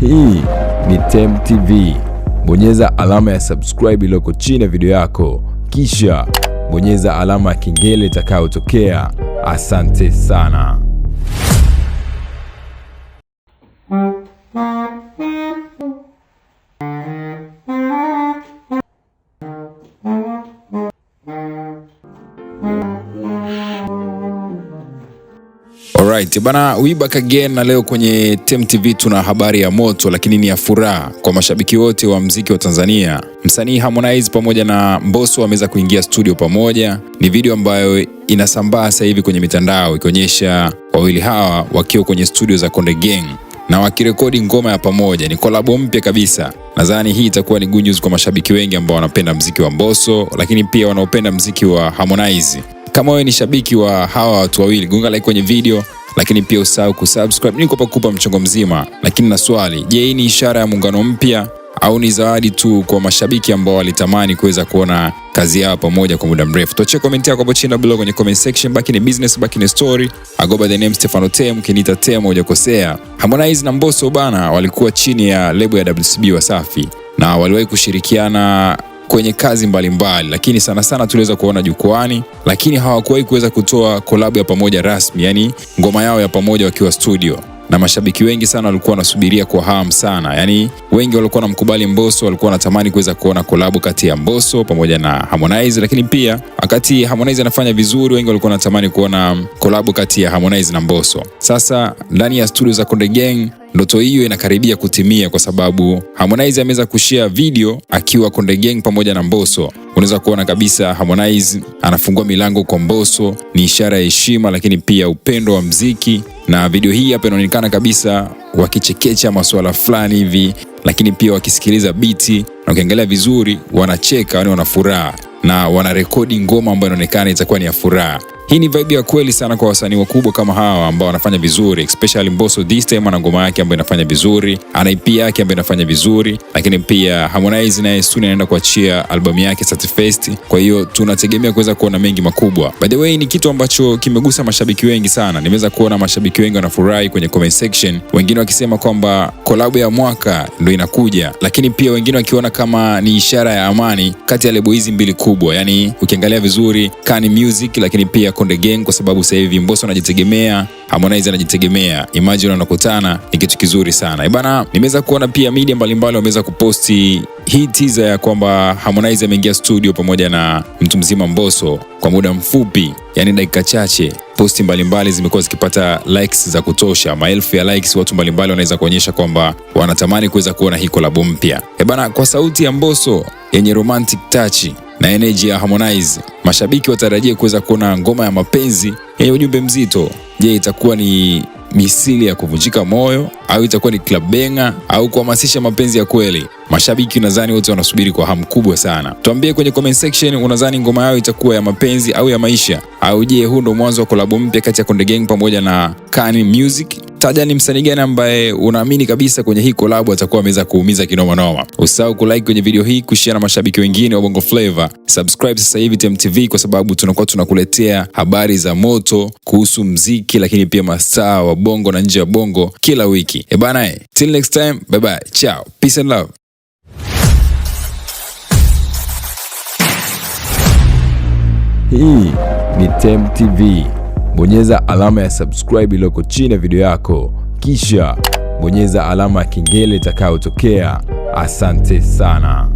Hii ni Tem TV. Bonyeza alama ya subscribe iliyoko chini ya video yako, kisha bonyeza alama ya kengele itakayotokea. Asante sana. Alright, bana we back again na leo kwenye TV tuna habari ya moto lakini ni ya furaha kwa mashabiki wote wa mziki wa Tanzania. Msanii Harmonize pamoja na Mbosso wameweza kuingia studio pamoja. Ni video ambayo inasambaa sasa hivi kwenye mitandao ikionyesha wawili hawa wakiwa kwenye studio za Konde Gang na wakirekodi ngoma ya pamoja. Ni kolabo mpya kabisa. Nadhani hii itakuwa ni good news kwa mashabiki wengi ambao wanapenda mziki wa Mbosso lakini pia wanaopenda mziki wa Harmonize. Kama wewe ni shabiki wa hawa watu wawili, gonga like kwenye video lakini pia usahau kusubscribe. Niko kukupa mchongo mzima, lakini na swali, je, hii ni ishara ya muungano mpya au ni zawadi tu kwa mashabiki ambao walitamani kuweza kuona kazi yao pamoja kwa muda mrefu? Tuachie komenti yako hapo chini na blog kwenye comment section. Baki ni business, baki ni story. Agoba the name Stefano Tem, kinita Tem hujakosea. Harmonize na Mbosso bana walikuwa chini ya lebo ya WCB Wasafi na waliwahi kushirikiana kwenye kazi mbalimbali mbali, lakini sana sana tuliweza kuona jukwani, lakini hawakuwahi kuweza kutoa kolabu ya pamoja rasmi, yani ngoma yao ya pamoja wakiwa studio na mashabiki wengi sana walikuwa wanasubiria kwa hamu sana, yaani wengi walikuwa wanamkubali Mbosso, walikuwa wanatamani kuweza kuona kolabu kati ya Mbosso pamoja na Harmonize. Lakini pia wakati Harmonize anafanya vizuri, wengi walikuwa wanatamani kuona kolabu kati ya Harmonize na Mbosso. Sasa ndani ya studio za Konde Gang Ndoto hiyo inakaribia kutimia kwa sababu Harmonize ameweza kushia video akiwa Konde Gang pamoja na Mbosso. Unaweza kuona kabisa Harmonize anafungua milango kwa Mbosso, ni ishara ya heshima, lakini pia upendo wa mziki, na video hii hapa inaonekana kabisa wakichekecha masuala fulani hivi, lakini pia wakisikiliza biti na ukiangalia vizuri wanacheka, yani wana furaha na wanarekodi ngoma ambayo inaonekana itakuwa ni ya furaha. Hii ni vibe ya kweli sana kwa wasanii wakubwa kama hawa ambao wanafanya vizuri, especially Mbosso this time ana ngoma yake ambayo inafanya vizuri, ana EP yake ambayo inafanya vizuri, lakini pia Harmonize naye soon anaenda kuachia albamu yake Satisfest. Kwa hiyo tunategemea kuweza kuona mengi makubwa. By the way, ni kitu ambacho kimegusa mashabiki wengi sana. Nimeweza kuona mashabiki wengi wanafurahi kwenye comment section, wengine wakisema kwamba collab ya mwaka ndio inakuja, lakini pia wengine wakiona kama ni ishara ya amani kati ya lebo hizi mbili kubwa, yani ukiangalia vizuri Kani Music, lakini pia Konde Gang kwa sababu sasa hivi Mbosso anajitegemea, Harmonize anajitegemea. Imagine wanakutana ni kitu kizuri sana. E bana, nimeweza kuona pia media mbalimbali wameweza kuposti hii tiza ya kwamba Harmonize ameingia studio pamoja na mtu mzima Mbosso kwa muda mfupi, yani dakika chache. Posti mbalimbali zimekuwa zikipata likes za kutosha, maelfu ya likes. Watu mbalimbali wanaweza kuonyesha kwamba wanatamani kuweza kuona hii kolabo mpya. E bana, kwa sauti ya Mbosso yenye romantic touch na energy ya Harmonize Mashabiki watarajia kuweza kuona ngoma ya mapenzi yenye ujumbe mzito. Je, itakuwa ni misili ya kuvunjika moyo au itakuwa ni club benga au kuhamasisha mapenzi ya kweli? Mashabiki nadhani wote wanasubiri kwa hamu kubwa sana. Tuambie kwenye comment section, unadhani ngoma yao itakuwa ya mapenzi au ya maisha? Au je, huu ndo mwanzo wa kolabo mpya kati ya Konde Gang pamoja na Kani Music? Taja ni msanii gani ambaye unaamini kabisa kwenye hii collab atakuwa ameweza kuumiza kinoma noma. Usisahau kulike kwenye video hii, kushare na mashabiki wengine wa Bongo flavo Subscribe sasa hivi TemuTV kwa sababu tunakuwa tunakuletea habari za moto kuhusu mziki, lakini pia mastaa wa Bongo na nje ya Bongo kila wiki. E eh bana, till next time, bye bye. Ciao. Peace and love. Hii ni TemuTV bonyeza alama ya subscribe iliyoko chini ya video yako, kisha bonyeza alama ya kengele itakayotokea. Asante sana.